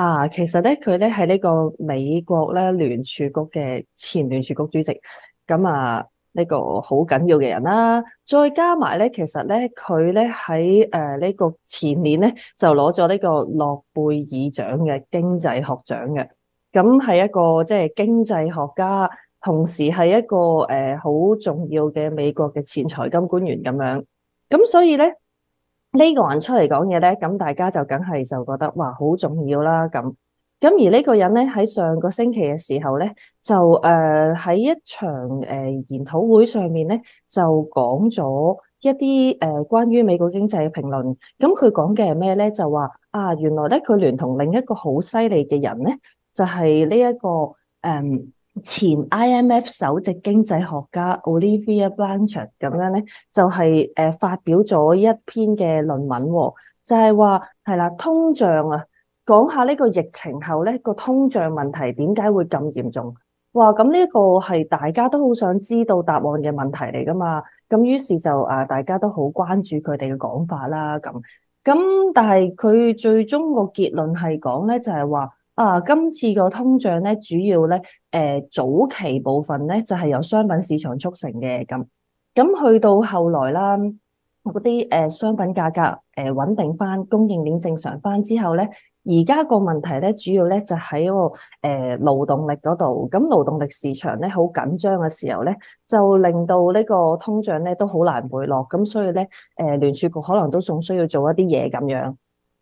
啊，其實咧，佢咧係呢個美國咧聯儲局嘅前聯儲局主席，咁啊呢個好緊要嘅人啦。再加埋咧，其實咧佢咧喺誒呢個前年咧就攞咗呢個諾貝爾獎嘅經濟學獎嘅，咁係一個即係經濟學家，同時係一個誒好重要嘅美國嘅前財金官員咁樣。咁所以咧。呢個人出嚟講嘢呢，咁大家就梗係就覺得哇，好重要啦咁。咁而呢個人呢喺上個星期嘅時候呢，就誒喺一場誒研討會上面呢，就講咗一啲誒關於美國經濟嘅評論。咁佢講嘅係咩呢？就話啊，原來呢佢聯同另一個好犀利嘅人呢，就係呢一個誒。前 IMF 首席經濟學家 Olivia Blanchard 咁樣咧，就係、是、誒發表咗一篇嘅論文、哦，就係、是、話，係啦，通脹啊，講下呢個疫情後咧個通脹問題點解會咁嚴重？哇！咁、這、呢個係大家都好想知道答案嘅問題嚟噶嘛？咁於是就啊，大家都好關注佢哋嘅講法啦。咁咁，但係佢最終個結論係講咧，就係、是、話。啊，今次個通脹咧，主要咧，誒、呃、早期部分咧就係、是、由商品市場促成嘅咁，咁去到後來啦，嗰啲誒商品價格誒穩定翻，供應鏈正常翻之後咧，而家個問題咧，主要咧就喺、是那個誒、呃、勞動力嗰度，咁勞動力市場咧好緊張嘅時候咧，就令到呢個通脹咧都好難回落，咁所以咧，誒、呃、聯儲局可能都仲需要做一啲嘢咁樣。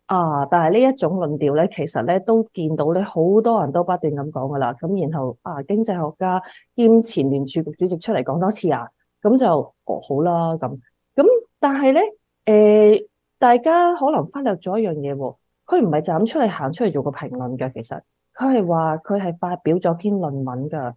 啊！但係呢一種論調咧，其實咧都見到咧好多人都不斷咁講噶啦。咁然後啊，經濟學家兼前聯儲局主席出嚟講多次啊，咁就、哦、好啦咁。咁但係咧，誒、呃、大家可能忽略咗一樣嘢喎，佢唔係就咁出嚟行出嚟做個評論㗎。其實佢係話佢係發表咗篇論文㗎。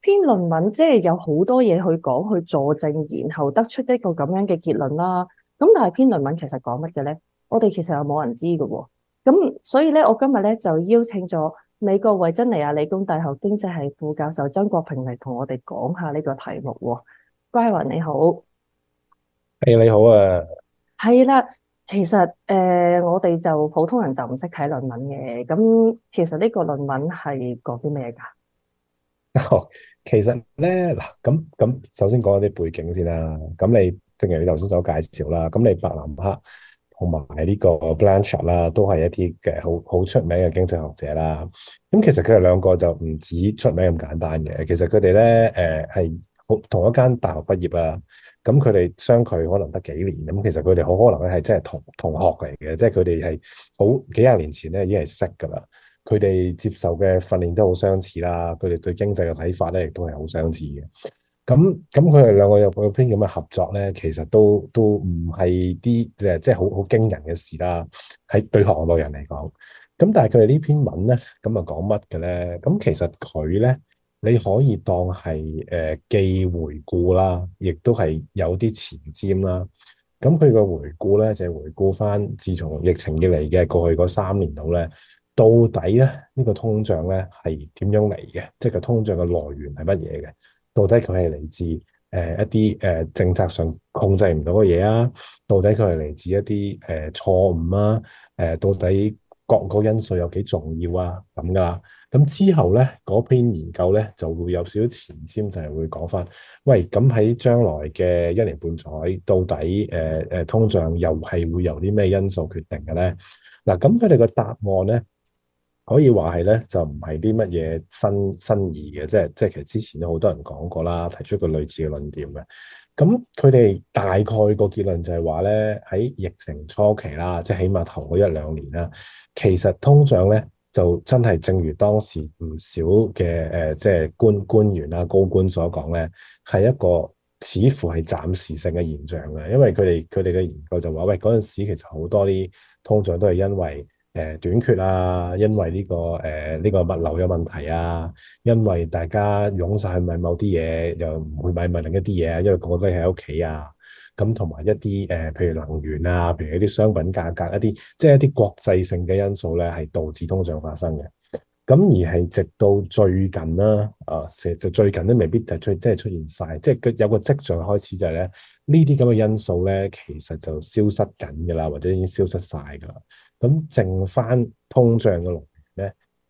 篇論文即係有好多嘢去講去佐證，然後得出一個咁樣嘅結論啦。咁但係篇論文其實講乜嘅咧？我哋其實又冇人知嘅，咁所以咧，我今日咧就邀請咗美國維珍尼亞理工大學經濟系副教授曾國平嚟同我哋講下呢個題目。Brian 你好，誒、hey, 你好啊，係啦，其實誒、呃、我哋就普通人就唔識睇論文嘅，咁其,、oh, 其實呢個論文係講啲咩噶？其實咧嗱，咁咁首先講一啲背景先啦，咁你正如你頭先所介紹啦，咁你伯南克。同埋呢個 Blanchard 啦，都係一啲嘅好好出名嘅經濟學者啦。咁其實佢哋兩個就唔止出名咁簡單嘅，其實佢哋咧誒係好同一間大學畢業啦。咁佢哋相距可能得幾年，咁其實佢哋好可能咧係真係同同學嚟嘅，即係佢哋係好幾十年前咧已經係識噶啦。佢哋接受嘅訓練都好相似啦，佢哋對經濟嘅睇法咧亦都係好相似嘅。咁咁佢哋兩個有個篇咁嘅合作咧，其實都都唔係啲誒，即係好好驚人嘅事啦。喺對韓國人嚟講，咁但係佢哋呢篇文咧，咁啊講乜嘅咧？咁其實佢咧，你可以當係誒既回顧啦，亦都係有啲前瞻啦。咁佢個回顧咧，就係、是、回顧翻自從疫情以嚟嘅過去嗰三年度咧，到底咧呢個通脹咧係點樣嚟嘅？即係個通脹嘅來源係乜嘢嘅？到底佢係嚟自誒一啲誒政策上控制唔到嘅嘢啊？到底佢係嚟自一啲誒、呃、錯誤啊？誒、呃、到底各個因素有幾重要啊？咁噶。咁之後咧，嗰篇研究咧就會有少少前瞻，就係會講返，喂，咁喺將來嘅一年半載，到底誒誒、呃、通脹又係會由啲咩因素決定嘅咧？嗱，咁佢哋嘅答案咧。可以話係咧，就唔係啲乜嘢新新意嘅，即係即係其實之前有好多人講過啦，提出個類似嘅論點嘅。咁佢哋大概個結論就係話咧，喺疫情初期啦，即係起碼頭嗰一兩年啦，其實通脹咧就真係正如當時唔少嘅誒、呃，即係官官員啦、高官所講咧，係一個似乎係暫時性嘅現象嘅，因為佢哋佢哋嘅研究就話，喂，嗰陣時其實好多啲通脹都係因為。誒、呃，短缺啊，因為呢、這個誒呢、呃，這個物流有問題啊，因為大家湧晒去買某啲嘢，又唔會買埋另一啲嘢，因為個個都喺屋企啊，咁同埋一啲誒、呃，譬如能源啊，譬如一啲商品價格，一啲即係一啲國際性嘅因素咧，係導致通脹發生嘅。咁而係直到最近啦，啊，甚至最近都未必就最即係出現晒，即係佢有個跡象開始就係、是、咧，呢啲咁嘅因素咧，其實就消失緊噶啦，或者已經消失晒噶啦，咁剩翻通脹嘅龍呢？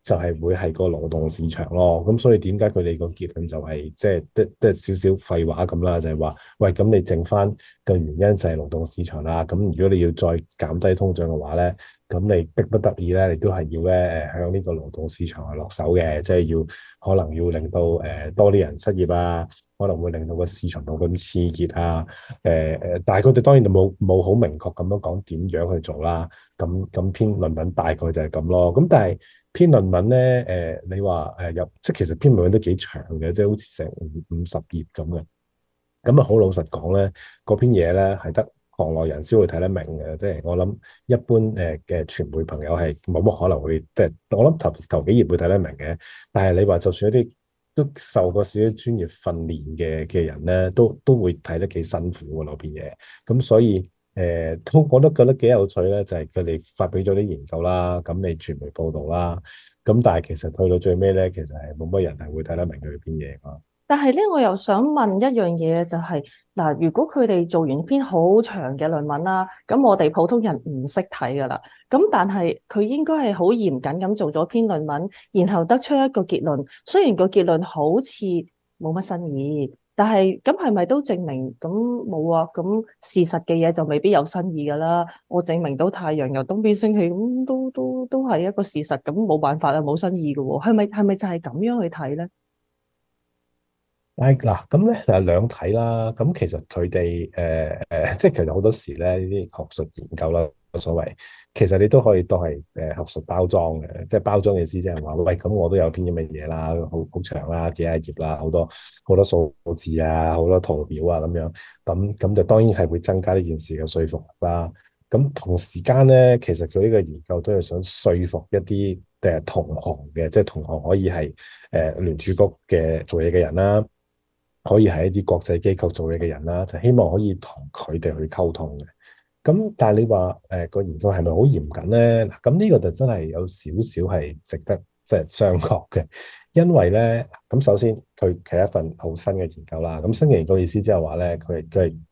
就係會係個勞動市場咯，咁所以點解佢哋個結論就係即係得得少少廢話咁啦，就係話，喂，咁你剩翻嘅原因就係勞動市場啦。咁如果你要再減低通脹嘅話咧，咁你迫不得已咧，你都係要咧誒向呢個勞動市場去落手嘅，即係要可能要令到誒多啲人失業啊。可能會令到個市場冇咁刺激啊，誒、呃、誒，但係佢哋當然就冇冇好明確咁樣講點樣去做啦。咁咁篇論文大概就係咁咯。咁但係篇論文咧，誒、呃、你話誒入，即係其實篇論文都幾長嘅，即係好似成五，五十頁咁嘅。咁啊，好老實講咧，嗰篇嘢咧係得行內人先會睇得明嘅。即係我諗一般誒嘅傳媒朋友係冇乜可能會，即係我諗頭頭幾頁會睇得明嘅。但係你話就算一啲。都受過少少專業訓練嘅嘅人咧，都都會睇得幾辛苦嘅嗰邊嘢。咁所以誒，都、呃、我都覺得幾有趣咧，就係佢哋發表咗啲研究啦，咁你傳媒報導啦，咁但係其實去到最尾咧，其實係冇乜人係會睇得明佢邊嘢㗎。但係咧，我又想問一樣嘢，就係、是、嗱，如果佢哋做完篇好長嘅論文啦，咁我哋普通人唔識睇噶啦。咁但係佢應該係好嚴謹咁做咗篇論文，然後得出一個結論。雖然個結論好似冇乜新意，但係咁係咪都證明咁冇啊？咁事實嘅嘢就未必有新意噶啦。我證明到太陽由東邊升起，咁、嗯、都都都係一個事實，咁冇辦法啊，冇新意嘅喎。係咪係咪就係咁樣去睇咧？嗱，咁咧就兩睇啦。咁其實佢哋誒誒，即係其實好多時咧，呢啲學術研究啦，所謂其實你都可以當係誒學術包裝嘅，即係包裝嘅意思，即係話喂，咁我都有篇咁嘅嘢啦，好好長啦，幾頁頁啦，好多好多數字啊，好多圖表啊咁樣。咁咁就當然係會增加呢件事嘅説服力啦。咁同時間咧，其實佢呢個研究都係想説服一啲誒、呃、同行嘅，即係同行可以係誒、呃、聯儲局嘅做嘢嘅人啦。可以喺一啲國際機構做嘢嘅人啦，就希望可以同佢哋去溝通嘅。咁但係你話誒、呃，那個研究係咪好嚴謹咧？咁呢個就真係有少少係值得即係商榷嘅，因為咧，咁首先佢其實一份好新嘅研究啦，咁新嘅研究意思即係話咧佢佢係。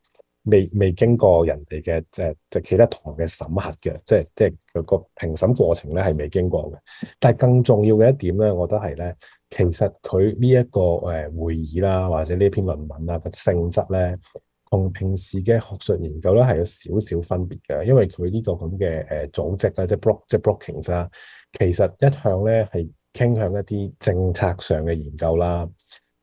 未未經過人哋嘅，即係即係其他堂嘅審核嘅，即係即係個個評審過程咧，係未經過嘅。但係更重要嘅一點咧，我覺得係咧，其實佢呢一個誒會議啦，或者呢篇論文啊嘅性質咧，同平時嘅學術研究咧係有少少分別嘅。因為佢呢個咁嘅誒組織啊，即係 block 即係 blocking 啦，其實一向咧係傾向一啲政策上嘅研究啦。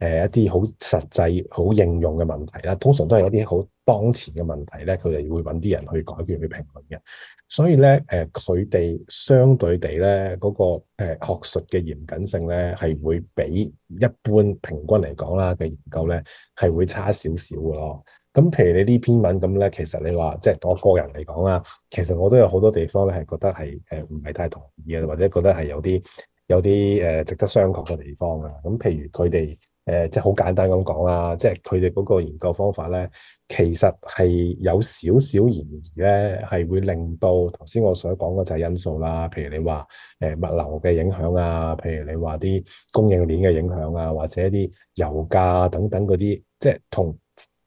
誒、呃、一啲好實際、好應用嘅問題啦，通常都係有啲好當前嘅問題咧，佢哋會揾啲人去改變、去評論嘅。所以咧，誒佢哋相對地咧，嗰、那個誒、呃、學術嘅嚴謹性咧，係會比一般平均嚟講啦嘅研究咧，係會差少少嘅咯。咁譬如你呢篇文咁咧，其實你話即係我個人嚟講啊，其實我都有好多地方咧係覺得係誒唔係太同意嘅，或者覺得係有啲有啲誒、呃、值得商榷嘅地方啊。咁譬如佢哋。誒、呃，即係好簡單咁講啦，即係佢哋嗰個研究方法咧，其實係有少少嫌疑咧，係會令到頭先我所講嘅就係因素啦，譬如你話誒物流嘅影響啊，譬如你話啲供應鏈嘅影響啊，或者一啲油價等等嗰啲，即係同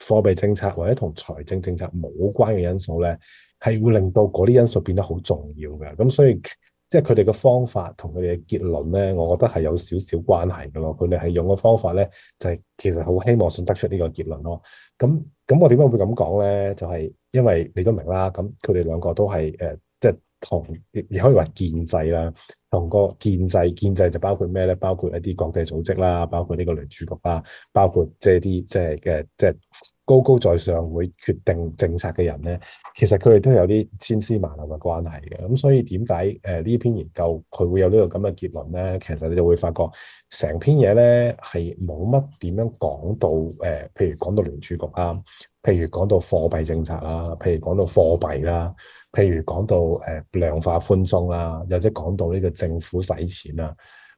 貨幣政策或者同財政政策冇關嘅因素咧，係會令到嗰啲因素變得好重要嘅，咁所以。即係佢哋嘅方法同佢哋嘅結論咧，我覺得係有少少關係嘅咯。佢哋係用嘅方法咧，就係、是、其實好希望想得出呢個結論咯。咁咁我點解會咁講咧？就係、是、因為你都明啦。咁佢哋兩個都係誒、呃，即係同亦亦可以話建制啦。同個建制建制就包括咩咧？包括一啲國際組織啦，包括呢個聯儲局啦，包括即係啲即係嘅即係。即高高在上會決定政策嘅人咧，其實佢哋都有啲千絲萬縷嘅關係嘅。咁所以點解誒呢篇研究佢會有、這個、呢個咁嘅結論咧？其實你就會發覺成篇嘢咧係冇乜點樣講到誒，譬、呃、如講到聯儲局啊，譬如講到貨幣政策啊，譬如講到貨幣啦，譬如講到誒、呃、量化寬鬆啦，或者講到呢個政府使錢啊。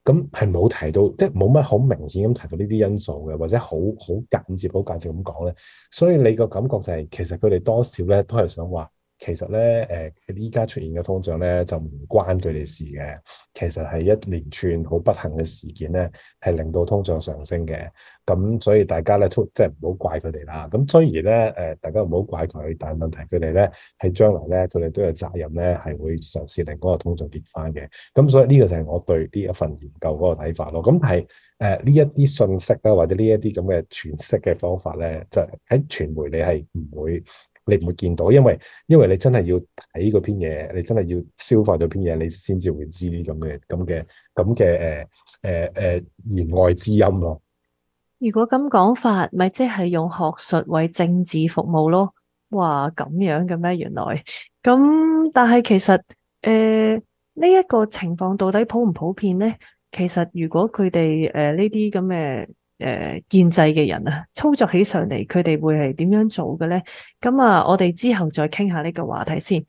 咁係冇提到，即係冇乜好明顯咁提到呢啲因素嘅，或者好好間接、好間接咁講呢。所以你個感覺就係、是，其實佢哋多少呢都係想話。其實咧，誒依家出現嘅通脹咧就唔關佢哋事嘅，其實係一連串好不幸嘅事件咧，係令到通脹上升嘅。咁所以大家咧，都即係唔好怪佢哋啦。咁雖然咧，誒大家唔好怪佢，但係問題佢哋咧喺將來咧，佢哋都有責任咧，係會嘗試令嗰個通脹跌翻嘅。咁所以呢個就係我對呢一份研究嗰個睇法咯。咁係誒呢一啲信息啦、啊，或者呢一啲咁嘅詮釋嘅方法咧，就喺、係、傳媒你係唔會。你唔會見到，因為因為你真係要睇嗰篇嘢，你真係要消化咗篇嘢，你先至會知啲咁嘅咁嘅咁嘅誒誒誒言外之音咯。如果咁講法，咪即係用學術為政治服務咯？哇，咁樣嘅咩？原來咁，但係其實誒呢一個情況到底普唔普遍咧？其實如果佢哋誒呢啲咁嘅。呃這誒，建制嘅人啊，操作起上嚟，佢哋會係點樣做嘅呢？咁啊，我哋之後再傾下呢個話題先。